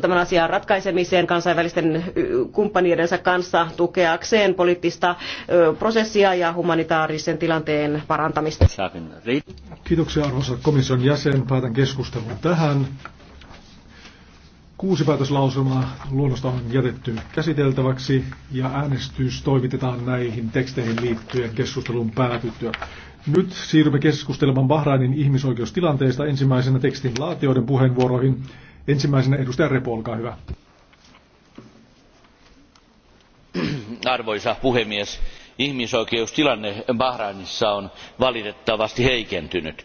tämän asian ratkaisemiseen kansainvälisten kumppaniidensa kanssa tukeakseen poliittista prosessia ja humanitaarisen tilanteen parantamista. Kiitoksia arvoisa komission jäsen. Päätän keskustelun tähän. Kuusi päätöslauselmaa luonnosta on jätetty käsiteltäväksi ja äänestys toimitetaan näihin teksteihin liittyen keskustelun päätyttyä. Nyt siirrymme keskustelemaan Bahrainin ihmisoikeustilanteesta ensimmäisenä tekstin laatioiden puheenvuoroihin. Ensimmäisenä edustaja Repo, olkaa hyvä. Arvoisa puhemies, ihmisoikeustilanne Bahrainissa on valitettavasti heikentynyt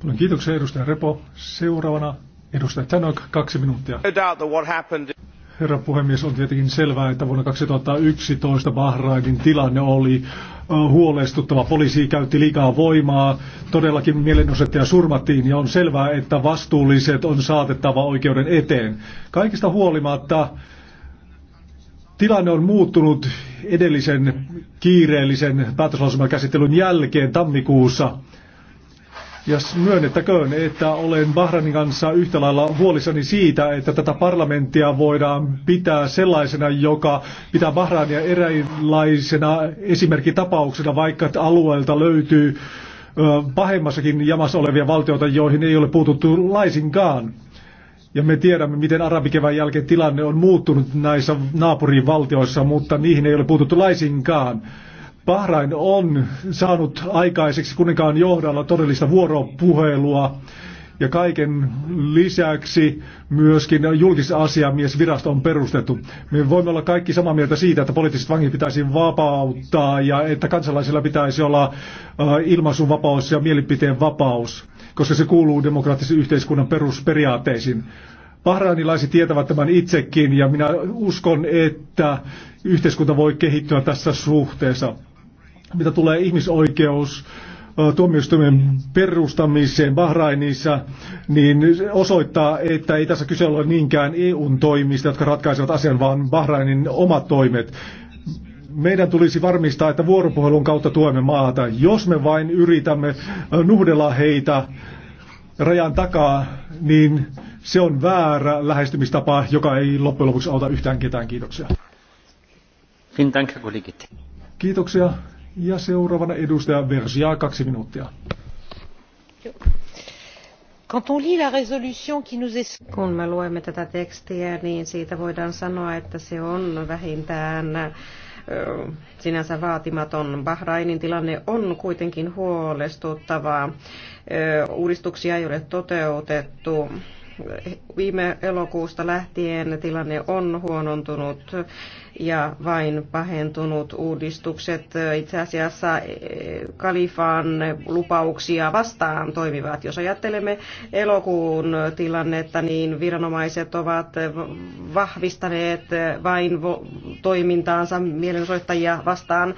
Paljon no, kiitoksia edustaja Repo. Seuraavana edustaja Tanok, kaksi minuuttia. No Herra puhemies, on tietenkin selvää, että vuonna 2011 Bahrainin tilanne oli huolestuttava. Poliisi käytti liikaa voimaa, todellakin mielenosoittaja surmattiin ja on selvää, että vastuulliset on saatettava oikeuden eteen. Kaikista huolimatta tilanne on muuttunut edellisen kiireellisen päätöslausumakäsittelyn jälkeen tammikuussa. Ja myönnettäköön, että olen Bahrainin kanssa yhtä lailla huolissani siitä, että tätä parlamenttia voidaan pitää sellaisena, joka pitää Bahrainia eräänlaisena esimerkkitapauksena, vaikka alueelta löytyy pahemmassakin jamassa olevia valtioita, joihin ei ole puututtu laisinkaan. Ja me tiedämme, miten arabikevään jälkeen tilanne on muuttunut näissä naapurivaltioissa, mutta niihin ei ole puututtu laisinkaan. Bahrain on saanut aikaiseksi kuninkaan johdalla todellista vuoropuhelua ja kaiken lisäksi myöskin julkisasiamiesvirasto on perustettu. Me voimme olla kaikki samaa mieltä siitä, että poliittiset vangit pitäisi vapauttaa ja että kansalaisilla pitäisi olla äh, ilmaisuvapaus ja mielipiteen vapaus, koska se kuuluu demokraattisen yhteiskunnan perusperiaatteisiin. Bahrainilaiset tietävät tämän itsekin ja minä uskon, että yhteiskunta voi kehittyä tässä suhteessa mitä tulee ihmisoikeus tuomioistuimen perustamiseen Bahrainissa, niin osoittaa, että ei tässä kyse ole niinkään EUn toimista, jotka ratkaisevat asian, vaan Bahrainin omat toimet. Meidän tulisi varmistaa, että vuoropuhelun kautta tuemme maata. Jos me vain yritämme nuhdella heitä rajan takaa, niin se on väärä lähestymistapa, joka ei loppujen lopuksi auta yhtään ketään. Kiitoksia. Kiitoksia. Ja seuraavana edustaja Vergia, kaksi minuuttia. Kun me luemme tätä tekstiä, niin siitä voidaan sanoa, että se on vähintään sinänsä vaatimaton. Bahrainin tilanne on kuitenkin huolestuttavaa. Uudistuksia ei ole toteutettu Viime elokuusta lähtien tilanne on huonontunut ja vain pahentunut uudistukset itse asiassa eh, kalifaan lupauksia vastaan toimivat. Jos ajattelemme elokuun tilannetta, niin viranomaiset ovat vahvistaneet vain toimintaansa mielenosoittajia vastaan.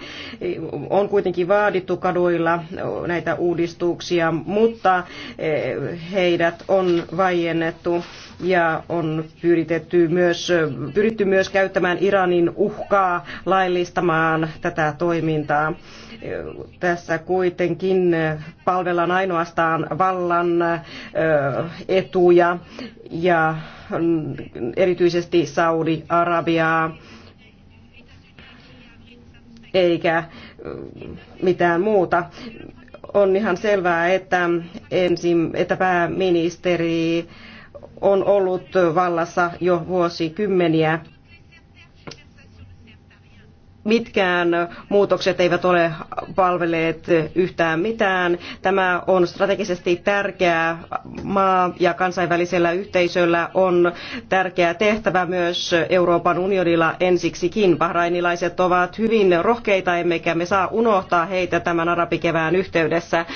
On kuitenkin vaadittu kaduilla näitä uudistuksia, mutta eh, heidät on vaiennettu annettu ja on pyritetty myös, pyritty myös käyttämään Iranin uhkaa laillistamaan tätä toimintaa. Tässä kuitenkin palvellaan ainoastaan vallan etuja ja erityisesti Saudi-Arabiaa eikä mitään muuta. On ihan selvää, että, ensin, että pääministeri on ollut vallassa jo vuosikymmeniä mitkään muutokset eivät ole palveleet yhtään mitään. Tämä on strategisesti tärkeä maa ja kansainvälisellä yhteisöllä on tärkeä tehtävä myös Euroopan unionilla ensiksikin. Bahrainilaiset ovat hyvin rohkeita, emmekä me saa unohtaa heitä tämän arabikevään yhteydessä.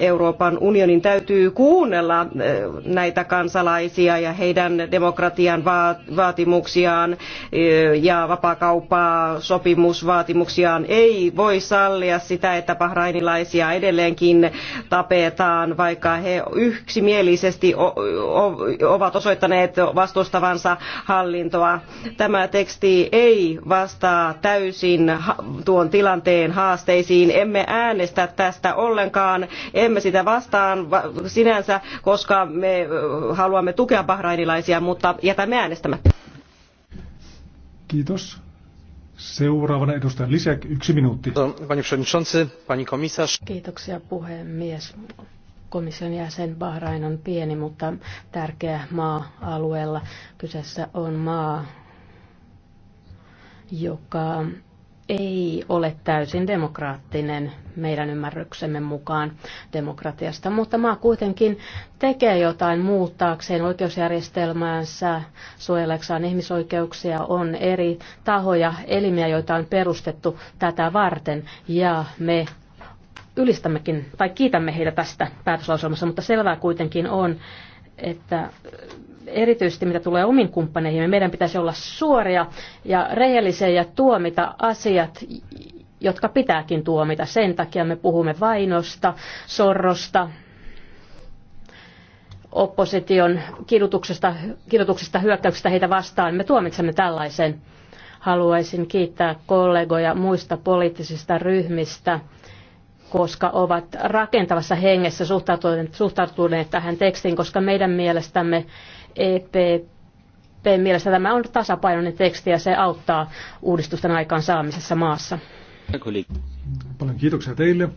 Euroopan unionin täytyy kuunnella näitä kansalaisia ja heidän demokratian vaatimuksiaan ja vapaakauppaa sopimuksia avoimuusvaatimuksiaan. Ei voi sallia sitä, että bahrainilaisia edelleenkin tapetaan, vaikka he yksimielisesti ovat osoittaneet vastustavansa hallintoa. Tämä teksti ei vastaa täysin tuon tilanteen haasteisiin. Emme äänestä tästä ollenkaan, emme sitä vastaan sinänsä, koska me haluamme tukea bahrainilaisia, mutta jätämme äänestämättä. Kiitos. Seuraavana edustaja Lisek, yksi minuutti. Panie przewodniczący, pani komisarz. Kiitoksia puhemies. Komission jäsen Bahrain on pieni, mutta tärkeä maa alueella. Kyseessä on maa, joka ei ole täysin demokraattinen meidän ymmärryksemme mukaan demokratiasta, mutta maa kuitenkin tekee jotain muuttaakseen oikeusjärjestelmäänsä, suojeleksaan ihmisoikeuksia, on eri tahoja, elimiä, joita on perustettu tätä varten, ja me ylistämmekin tai kiitämme heitä tästä päätöslauselmassa, mutta selvää kuitenkin on, että erityisesti mitä tulee omiin kumppaneihin, niin meidän pitäisi olla suoria ja rehellisiä ja tuomita asiat, jotka pitääkin tuomita. Sen takia me puhumme vainosta, sorrosta, opposition kidutuksesta, kidutuksesta hyökkäyksestä heitä vastaan. Me tuomitsemme tällaisen. Haluaisin kiittää kollegoja muista poliittisista ryhmistä, koska ovat rakentavassa hengessä suhtautuneet, suhtautuneet tähän tekstiin, koska meidän mielestämme EPP mielestä tämä on tasapainoinen teksti ja se auttaa uudistusten aikaan saamisessa maassa. Paljon kiitoksia teille.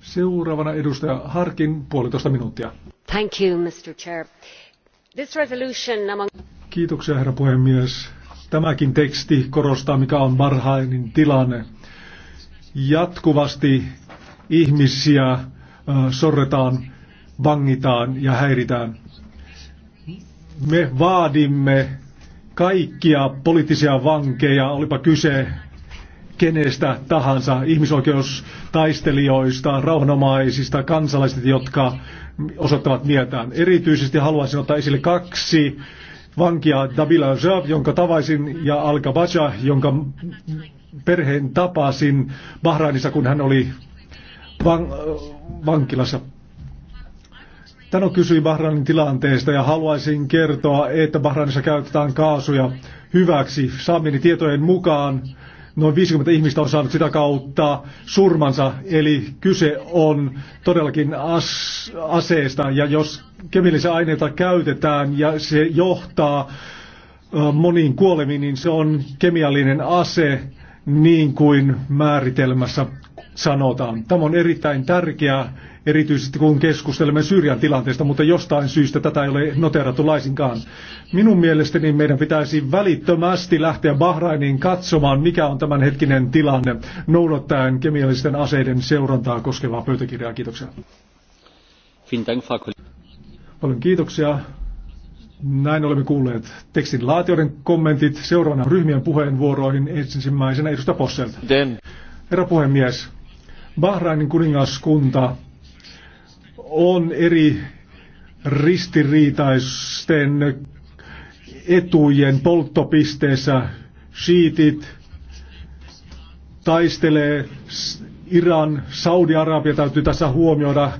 Seuraavana edustaja Harkin puolitoista minuuttia. Thank you, Mr. Chair. This resolution among... Kiitoksia, herra puhemies. Tämäkin teksti korostaa, mikä on varhainen tilanne. Jatkuvasti ihmisiä sorretaan, vangitaan ja häiritään. Me vaadimme kaikkia poliittisia vankeja, olipa kyse kenestä tahansa, ihmisoikeustaistelijoista, rauhanomaisista, kansalaisista, jotka osoittavat mieltään. Erityisesti haluaisin ottaa esille kaksi vankia, Dabila Zab, jonka tavaisin, ja al Baja, jonka perheen tapasin Bahrainissa, kun hän oli van- vankilassa. Tano kysyi Bahrainin tilanteesta ja haluaisin kertoa, että Bahrainissa käytetään kaasuja hyväksi. Saamieni tietojen mukaan noin 50 ihmistä on saanut sitä kautta surmansa, eli kyse on todellakin as- aseesta. Ja jos kemiallisia aineita käytetään ja se johtaa moniin kuolemiin, niin se on kemiallinen ase, niin kuin määritelmässä sanotaan. Tämä on erittäin tärkeää erityisesti kun keskustelemme Syyrian tilanteesta, mutta jostain syystä tätä ei ole noterattu laisinkaan. Minun mielestäni meidän pitäisi välittömästi lähteä Bahrainiin katsomaan, mikä on tämän hetkinen tilanne, noudattaen kemiallisten aseiden seurantaa koskevaa pöytäkirjaa. Kiitoksia. Paljon kiitoksia. Näin olemme kuulleet tekstin laatioiden kommentit seuraavana ryhmien puheenvuoroihin. Ensimmäisenä edustaja Posselta. Herra puhemies, Bahrainin kuningaskunta on eri ristiriitaisten etujen polttopisteessä. Shiitit taistelee Iran, Saudi-Arabia täytyy tässä huomioida.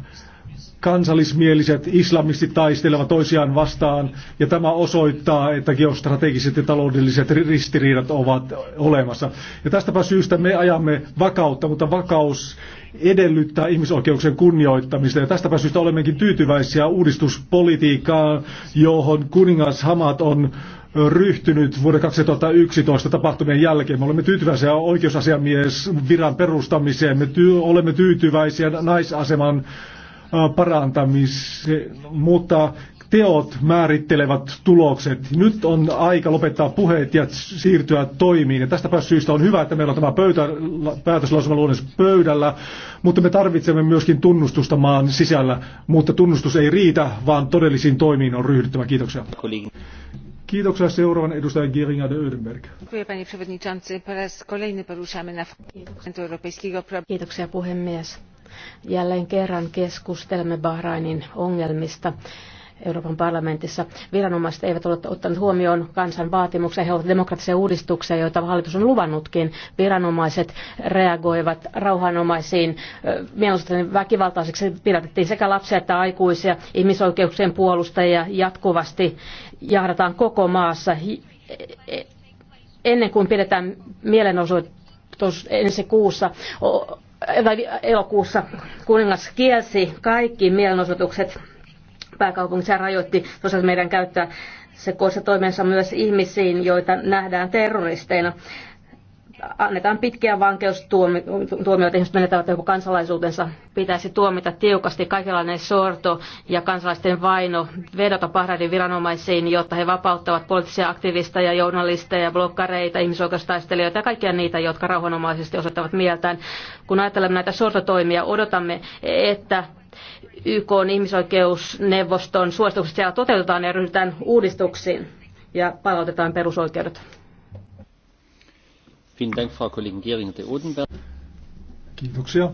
Kansallismieliset islamistit taistelevat toisiaan vastaan ja tämä osoittaa, että geostrategiset ja taloudelliset ristiriidat ovat olemassa. Ja tästäpä syystä me ajamme vakautta, mutta vakaus edellyttää ihmisoikeuksien kunnioittamista. Ja tästä syystä olemmekin tyytyväisiä uudistuspolitiikkaan, johon kuningas Hamat on ryhtynyt vuoden 2011 tapahtumien jälkeen. Me olemme tyytyväisiä oikeusasiamies viran perustamiseen, me ty- olemme tyytyväisiä naisaseman parantamiseen, mutta teot määrittelevät tulokset. Nyt on aika lopettaa puheet ja siirtyä toimiin. Ja tästä syystä on hyvä, että meillä on tämä pöytä, päätöslausumaluonnos pöydällä, mutta me tarvitsemme myöskin tunnustusta maan sisällä. Mutta tunnustus ei riitä, vaan todellisiin toimiin on ryhdyttävä. Kiitoksia. Kiitoksia seuraavan edustajan Giringa de Ödenberg. Kiitoksia puhemies. Jälleen kerran keskustelemme Bahrainin ongelmista. Euroopan parlamentissa. Viranomaiset eivät ole ottaneet huomioon kansan vaatimuksia. He ovat demokraattisia uudistuksia, joita hallitus on luvannutkin. Viranomaiset reagoivat rauhanomaisiin mielestäni väkivaltaisiksi. Pidätettiin sekä lapsia että aikuisia. Ihmisoikeuksien puolustajia jatkuvasti jahdataan koko maassa. E- e- ennen kuin pidetään mielenosoitus ensi kuussa, tai elokuussa kuningas kielsi kaikki mielenosoitukset sehän rajoitti tosiaan meidän käyttää se koossa toimensa myös ihmisiin, joita nähdään terroristeina. Annetaan pitkiä vankeustuomioita, ihmiset menettävät joko kansalaisuutensa. Pitäisi tuomita tiukasti kaikenlainen sorto ja kansalaisten vaino, vedota Bahrainin viranomaisiin, jotta he vapauttavat poliittisia aktivisteja, journalisteja, blokkareita, ihmisoikeustaistelijoita ja kaikkia niitä, jotka rauhanomaisesti osoittavat mieltään. Kun ajattelemme näitä sortotoimia, odotamme, että YK on ihmisoikeusneuvoston suositukset siellä toteutetaan ja ryhdytään uudistuksiin ja palautetaan perusoikeudet. Kiitoksia.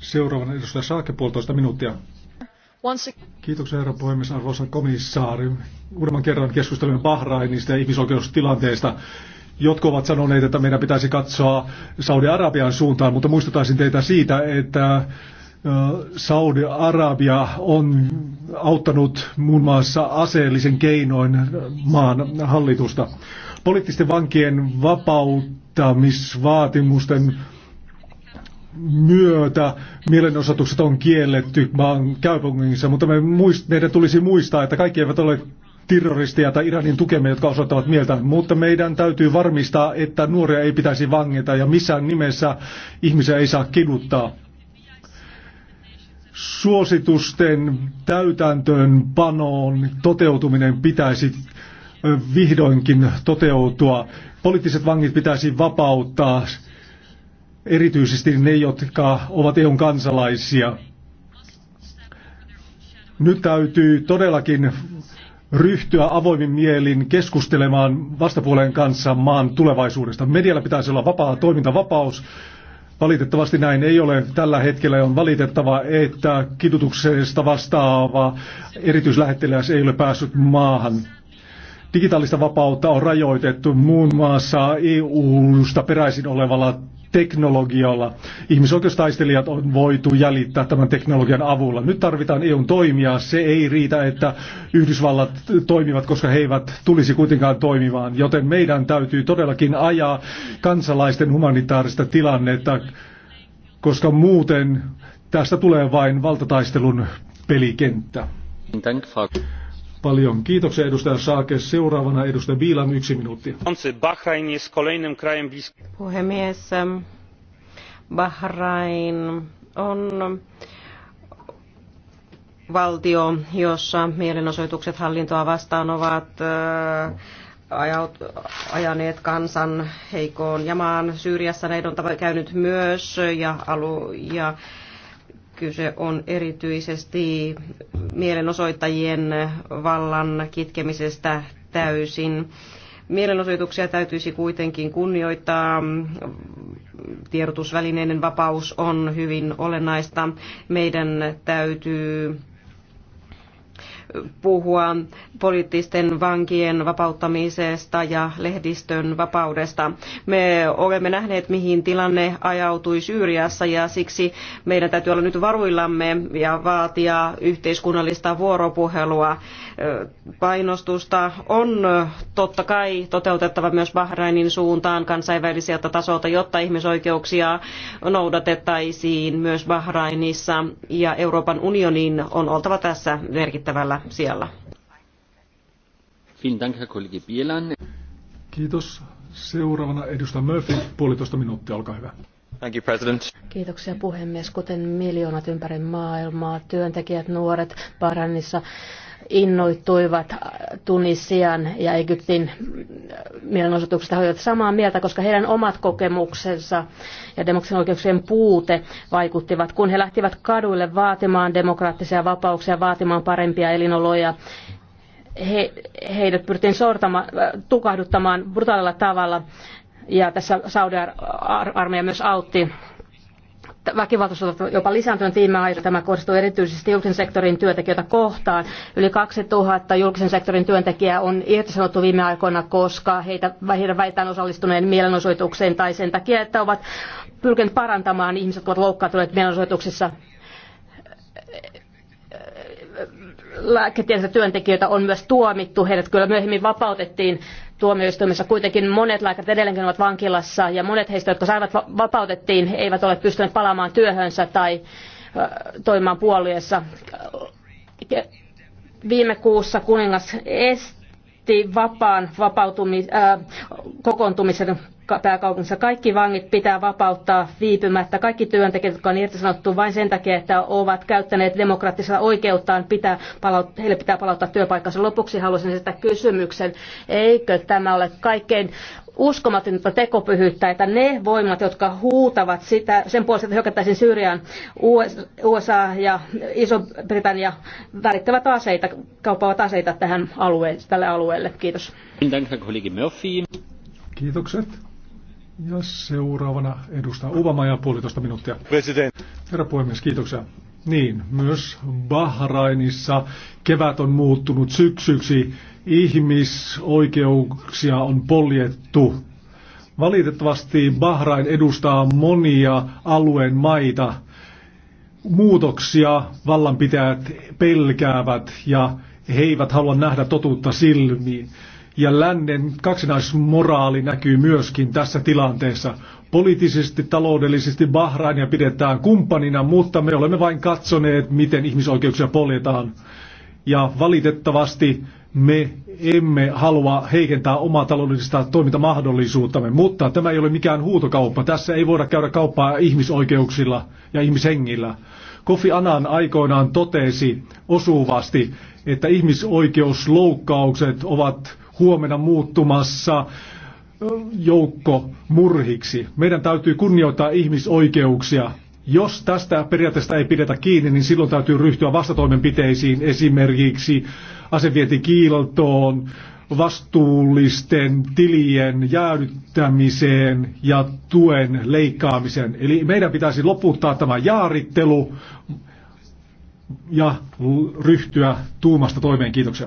Seuraavana edustaja Saake puolitoista minuuttia. Kiitoksia herra puhemies, arvoisa komissaari. Uudemman kerran keskustelemme Bahrainista ja ihmisoikeustilanteesta. Jotkut ovat sanoneet, että meidän pitäisi katsoa Saudi-Arabian suuntaan, mutta muistutaisin teitä siitä, että Saudi-Arabia on auttanut muun muassa aseellisen keinoin maan hallitusta. Poliittisten vankien vapauttamisvaatimusten myötä mielenosoitukset on kielletty maan kaupungissa, mutta me muist, meidän tulisi muistaa, että kaikki eivät ole terroristia tai Iranin tukemia, jotka osoittavat mieltä, mutta meidän täytyy varmistaa, että nuoria ei pitäisi vangita ja missään nimessä ihmisiä ei saa kiduttaa suositusten täytäntöönpanoon toteutuminen pitäisi vihdoinkin toteutua. Poliittiset vangit pitäisi vapauttaa, erityisesti ne, jotka ovat EUn kansalaisia. Nyt täytyy todellakin ryhtyä avoimin mielin keskustelemaan vastapuolen kanssa maan tulevaisuudesta. Medialla pitäisi olla vapaa toimintavapaus Valitettavasti näin ei ole. Tällä hetkellä on valitettava, että kidutuksesta vastaava erityislähettiläs ei ole päässyt maahan. Digitaalista vapautta on rajoitettu muun muassa EU-sta peräisin olevalla teknologialla. Ihmisoikeustaistelijat on voitu jäljittää tämän teknologian avulla. Nyt tarvitaan EUn toimia. Se ei riitä, että Yhdysvallat toimivat, koska he eivät tulisi kuitenkaan toimimaan. Joten meidän täytyy todellakin ajaa kansalaisten humanitaarista tilannetta, koska muuten tästä tulee vain valtataistelun pelikenttä. Paljon kiitoksia edustaja Saake. Seuraavana edustaja Biilam, yksi minuutti. Puhemies, Bahrain on valtio, jossa mielenosoitukset hallintoa vastaan ovat ajaneet kansan heikoon jamaan. Syyriassa näitä on käynyt myös ja, alu, ja Kyse on erityisesti mielenosoittajien vallan kitkemisestä täysin. Mielenosoituksia täytyisi kuitenkin kunnioittaa. Tiedotusvälineiden vapaus on hyvin olennaista. Meidän täytyy puhua poliittisten vankien vapauttamisesta ja lehdistön vapaudesta. Me olemme nähneet, mihin tilanne ajautui Syyriassa ja siksi meidän täytyy olla nyt varuillamme ja vaatia yhteiskunnallista vuoropuhelua. Painostusta on totta kai toteutettava myös Bahrainin suuntaan kansainväliseltä tasolta, jotta ihmisoikeuksia noudatettaisiin myös Bahrainissa ja Euroopan unionin on oltava tässä merkittävällä siellä. Kiitos. Seuraavana edustaja Murphy, puolitoista minuuttia, olkaa hyvä. Thank you, President. Kiitoksia puhemies. Kuten miljoonat ympäri maailmaa, työntekijät, nuoret, parannissa, innoittuivat Tunisian ja Egyptin mielenosoituksista olivat samaa mieltä, koska heidän omat kokemuksensa ja demokratian oikeuksien puute vaikuttivat, kun he lähtivät kaduille vaatimaan demokraattisia vapauksia, vaatimaan parempia elinoloja. He, heidät pyrittiin tukahduttamaan brutaalilla tavalla ja tässä Saudi-armeija myös autti väkivaltaisuus jopa lisääntynyt viime aikoina. Tämä kohdistuu erityisesti julkisen sektorin työntekijöitä kohtaan. Yli 2000 julkisen sektorin työntekijää on irtisanottu viime aikoina, koska heitä, heidän osallistuneen mielenosoitukseen tai sen takia, että ovat pyrkineet parantamaan ihmiset, jotka ovat loukkaantuneet mielenosoituksissa lääketieteellisiä työntekijöitä on myös tuomittu. Heidät kyllä myöhemmin vapautettiin tuomioistuimessa. Kuitenkin monet lääkärit edelleenkin ovat vankilassa ja monet heistä, jotka saivat vapautettiin, eivät ole pystyneet palaamaan työhönsä tai toimimaan puolueessa. Viime kuussa kuningas esti vapaan vapautumis, äh, kokoontumisen pääkaupungissa. Kaikki vangit pitää vapauttaa viipymättä. Kaikki työntekijät, jotka on irtisanottu vain sen takia, että ovat käyttäneet demokraattisella oikeuttaan, pitää palaut- heille pitää palauttaa työpaikkansa. Lopuksi haluaisin esittää kysymyksen, eikö tämä ole kaikkein uskomatonta tekopyhyyttä, että ne voimat, jotka huutavat sitä, sen puolesta, että hyökättäisiin Syyriaan, USA ja Iso-Britannia välittävät aseita, kauppaavat aseita tähän alueelle, tälle alueelle. Kiitos. Kiitokset. Ja seuraavana edustaa Obama ja puolitoista minuuttia. President. Herra puhemies, kiitoksia. Niin, myös Bahrainissa kevät on muuttunut syksyksi. Ihmisoikeuksia on poljettu. Valitettavasti Bahrain edustaa monia alueen maita. Muutoksia vallanpitäjät pelkäävät ja he eivät halua nähdä totuutta silmiin ja lännen kaksinaismoraali näkyy myöskin tässä tilanteessa. Poliittisesti, taloudellisesti Bahrainia pidetään kumppanina, mutta me olemme vain katsoneet, miten ihmisoikeuksia poljetaan. Ja valitettavasti me emme halua heikentää omaa taloudellista toimintamahdollisuuttamme, mutta tämä ei ole mikään huutokauppa. Tässä ei voida käydä kauppaa ihmisoikeuksilla ja ihmishengillä. Kofi Annan aikoinaan totesi osuvasti, että ihmisoikeusloukkaukset ovat huomenna muuttumassa joukko murhiksi. Meidän täytyy kunnioittaa ihmisoikeuksia. Jos tästä periaatteesta ei pidetä kiinni, niin silloin täytyy ryhtyä vastatoimenpiteisiin, esimerkiksi asevientikiiltoon, vastuullisten tilien jäädyttämiseen ja tuen leikkaamiseen. Eli meidän pitäisi loputtaa tämä jaarittelu ja ryhtyä tuumasta toimeen. Kiitoksia.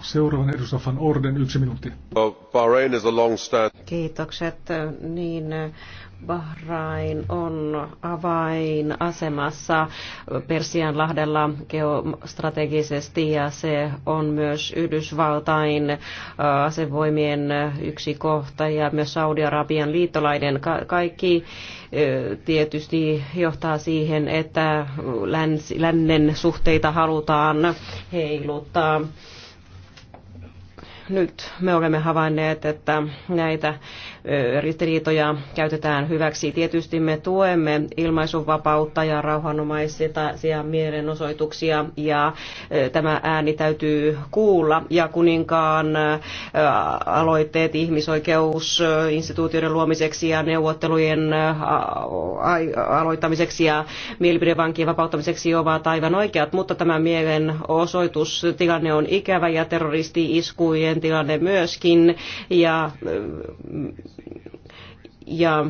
Seuraavan edustaja Orden, yksi minuutti. Bahrain is a long stand. Kiitokset. Niin, Bahrain on avainasemassa Persian lahdella geostrategisesti ja se on myös Yhdysvaltain asevoimien yksi kohta ja myös Saudi-Arabian liittolaiden. Ka- kaikki tietysti johtaa siihen, että lännen suhteita halutaan heiluttaa nyt me olemme havainneet, että näitä ristiriitoja käytetään hyväksi. Tietysti me tuemme ilmaisunvapautta ja rauhanomaisia mielenosoituksia ja tämä ääni täytyy kuulla. Ja kuninkaan aloitteet ihmisoikeusinstituutioiden luomiseksi ja neuvottelujen aloittamiseksi ja mielipidevankien vapauttamiseksi ovat aivan oikeat, mutta tämä mielenosoitustilanne on ikävä ja terroristi-iskujen tilanne myöskin. Ja ja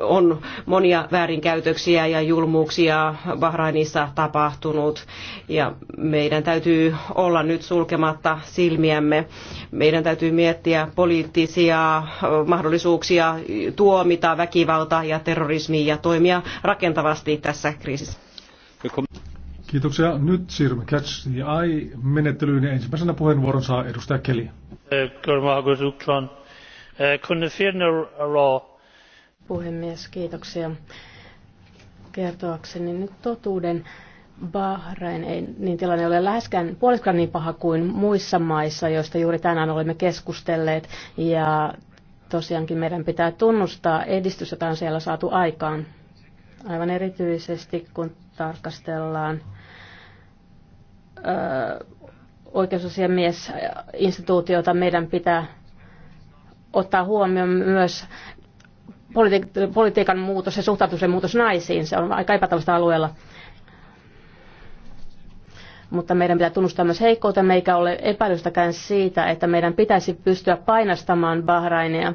on monia väärinkäytöksiä ja julmuuksia Bahrainissa tapahtunut ja meidän täytyy olla nyt sulkematta silmiämme. Meidän täytyy miettiä poliittisia mahdollisuuksia tuomita väkivalta ja terrorismi ja toimia rakentavasti tässä kriisissä. Kiitoksia. Nyt siirrymme Catch the Eye-menettelyyn ja ensimmäisenä puheenvuoron saa edustaja Keli. Eh, Eh, Puhemies, kiitoksia. Kertoakseni nyt totuuden. Bahrain ei, niin tilanne ole läheskään puoliskaan niin paha kuin muissa maissa, joista juuri tänään olemme keskustelleet. Ja tosiaankin meidän pitää tunnustaa edistys, jota on siellä saatu aikaan. Aivan erityisesti, kun tarkastellaan öö, oikeusasiamies meidän pitää ottaa huomioon myös politi- politiikan muutos ja suhtautumisen muutos naisiin. Se on aika epätavallista alueella. Mutta meidän pitää tunnustaa myös heikkoutta, eikä ole epäilystäkään siitä, että meidän pitäisi pystyä painastamaan Bahrainia.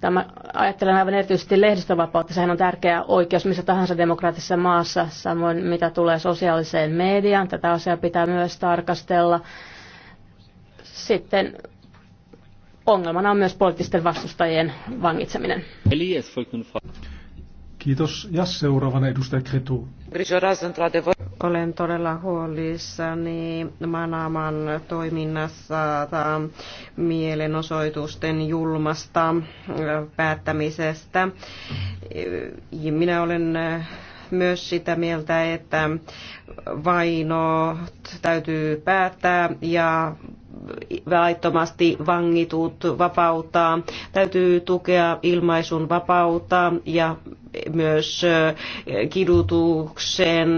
Tämä, ajattelen aivan erityisesti lehdistövapautta. Sehän on tärkeä oikeus missä tahansa demokraattisessa maassa. Samoin mitä tulee sosiaaliseen mediaan, tätä asiaa pitää myös tarkastella sitten ongelmana on myös poliittisten vastustajien vangitseminen. Kiitos. Ja seuraavana edustaja Kretu. Olen todella huolissani Manaman toiminnassa mielenosoitusten julmasta päättämisestä. Minä olen myös sitä mieltä, että vaino täytyy päättää ja laittomasti vangitut vapauttaa. Täytyy tukea ilmaisun vapautta ja myös kidutukseen,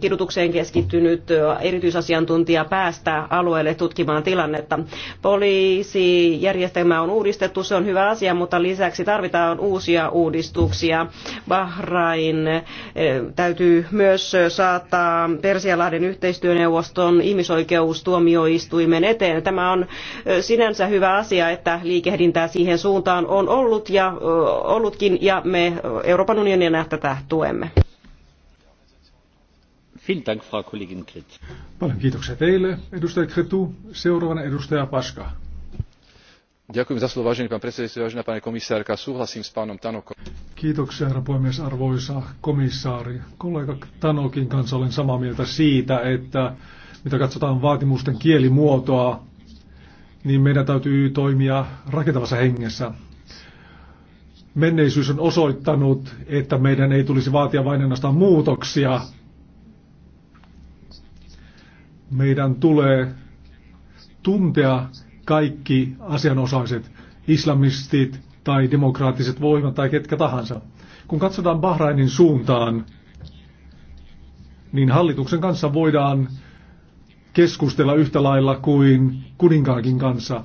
kidutukseen keskittynyt erityisasiantuntija päästä alueelle tutkimaan tilannetta. Poliisijärjestelmä on uudistettu, se on hyvä asia, mutta lisäksi tarvitaan uusia uudistuksia. Bahrain täytyy myös saattaa Persialahden yhteistyöneuvoston ihmisoikeustuomioistuimen eteen. Tämä on sinänsä hyvä asia, että liikehdintää siihen suuntaan on ollut ja ollutkin ja me me Euroopan unionina tätä tuemme. Dank, Frau Kollegin Paljon kiitoksia teille, edustaja Kretu. Seuraavana edustaja Paska. Ďakujem za slovo, vážený pán predsedajúci, vážená pani komisárka. Súhlasím s pánom Tanokom. Kiitoksia, herra puhemies, arvoisa komissaari. Kollega Tanokin kanssa olen samaa mieltä siitä, että mitä katsotaan vaatimusten kielimuotoa, niin meidän täytyy toimia rakentavassa hengessä. Menneisyys on osoittanut, että meidän ei tulisi vaatia vain ainoastaan muutoksia. Meidän tulee tuntea kaikki asianosaiset, islamistit tai demokraattiset voimat tai ketkä tahansa. Kun katsotaan Bahrainin suuntaan, niin hallituksen kanssa voidaan keskustella yhtä lailla kuin kuninkaankin kanssa.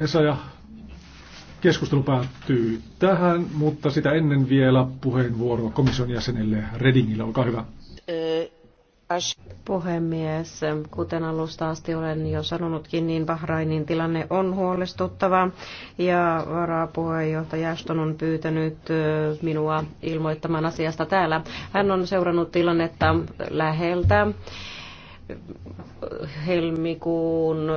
Esa ja keskustelu päättyy tähän, mutta sitä ennen vielä puheenvuoro komission jäsenelle Redingille. Olkaa hyvä. Puhemies, kuten alusta asti olen jo sanonutkin, niin Bahrainin tilanne on huolestuttava ja varapuheenjohtaja Ashton on pyytänyt minua ilmoittamaan asiasta täällä. Hän on seurannut tilannetta läheltä helmikuun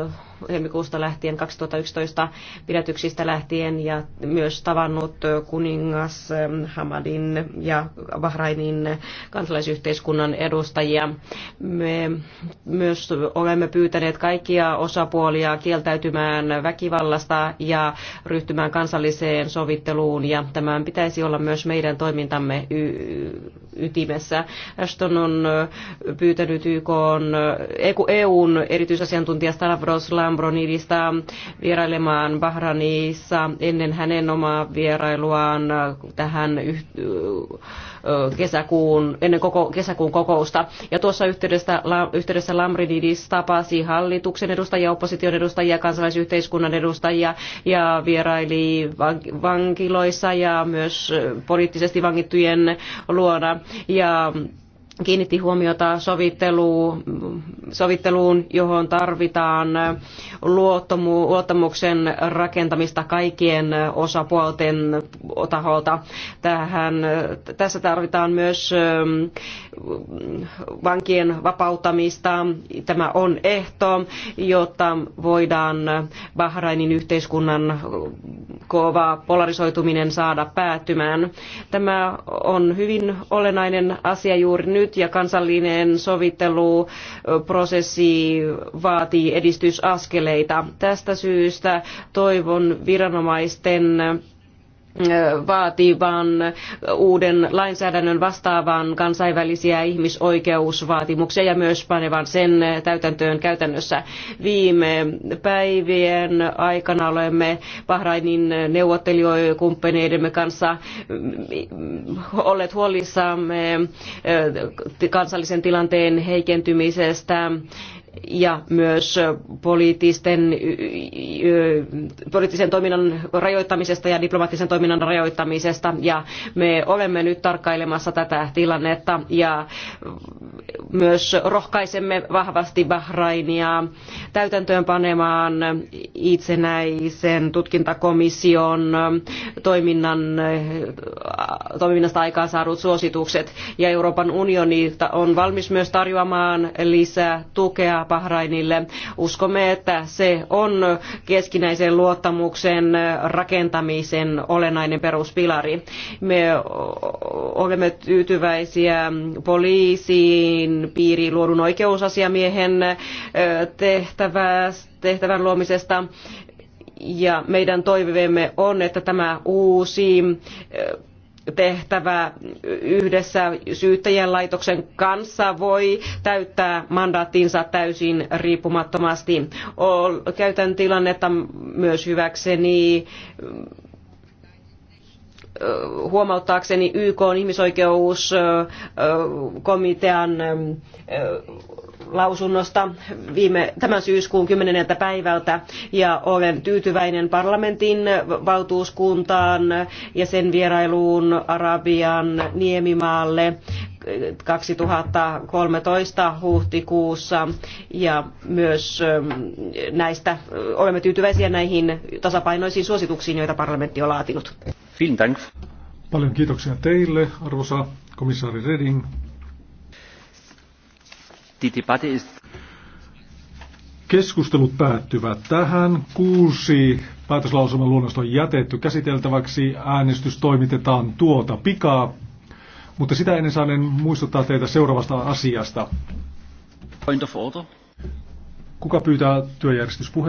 helmikuusta lähtien 2011 pidätyksistä lähtien ja myös tavannut kuningas ähm, Hamadin ja Bahrainin kansalaisyhteiskunnan edustajia. Me myös olemme pyytäneet kaikkia osapuolia kieltäytymään väkivallasta ja ryhtymään kansalliseen sovitteluun ja tämän pitäisi olla myös meidän toimintamme ytimessä. Ashton on pyytänyt YK on, EUn e erityisasiantuntija Stavros Lambronidista vierailemaan Bahranissa ennen hänen omaa vierailuaan tähän kesäkuun, ennen koko, kesäkuun kokousta. Ja tuossa yhteydessä, yhteydessä Lambrinidis tapasi hallituksen edustajia, opposition edustajia, kansalaisyhteiskunnan edustajia ja vieraili vankiloissa ja myös poliittisesti vangittujen luona. Ja kiinnitti huomiota sovitteluun, johon tarvitaan luottamuksen rakentamista kaikkien osapuolten taholta. Tähän, tässä tarvitaan myös ähm, vankien vapauttamista. Tämä on ehto, jotta voidaan Bahrainin yhteiskunnan kova polarisoituminen saada päättymään. Tämä on hyvin olennainen asia juuri nyt nyt ja kansallinen sovitteluprosessi vaatii edistysaskeleita. Tästä syystä toivon viranomaisten vaativan uuden lainsäädännön vastaavan kansainvälisiä ihmisoikeusvaatimuksia ja myös panevan sen täytäntöön käytännössä. Viime päivien aikana olemme Bahrainin neuvottelijoikumppaneidemme kanssa mm, olleet huolissamme kansallisen tilanteen heikentymisestä ja myös poliittisten, poliittisen toiminnan rajoittamisesta ja diplomaattisen toiminnan rajoittamisesta. Ja me olemme nyt tarkkailemassa tätä tilannetta ja myös rohkaisemme vahvasti Bahrainia täytäntöönpanemaan itsenäisen tutkintakomission toiminnan, toiminnasta aikaan saadut suositukset. Ja Euroopan unioni on valmis myös tarjoamaan lisää tukea Bahrainille. Uskomme, että se on keskinäisen luottamuksen rakentamisen olennainen peruspilari. Me olemme tyytyväisiä poliisiin piiriin luodun oikeusasiamiehen tehtävästä tehtävän luomisesta ja meidän toiveemme on, että tämä uusi tehtävä yhdessä syyttäjän laitoksen kanssa voi täyttää mandaattinsa täysin riippumattomasti. Käytän tilannetta myös hyväkseni huomauttaakseni YK ihmisoikeuskomitean lausunnosta viime, tämän syyskuun 10. päivältä ja olen tyytyväinen parlamentin valtuuskuntaan ja sen vierailuun Arabian niemimaalle 2013 huhtikuussa ja myös ähm, näistä äh, olemme tyytyväisiä näihin tasapainoisiin suosituksiin, joita parlamentti on laatinut. Paljon kiitoksia teille, arvoisa komissaari Reding. Keskustelut päättyvät tähän. Kuusi päätöslauselman luonnosta on jätetty käsiteltäväksi. Äänestys toimitetaan tuota pikaa. Mutta sitä ennen saanen muistuttaa teitä seuraavasta asiasta. Kuka pyytää työjärjestyspuhe?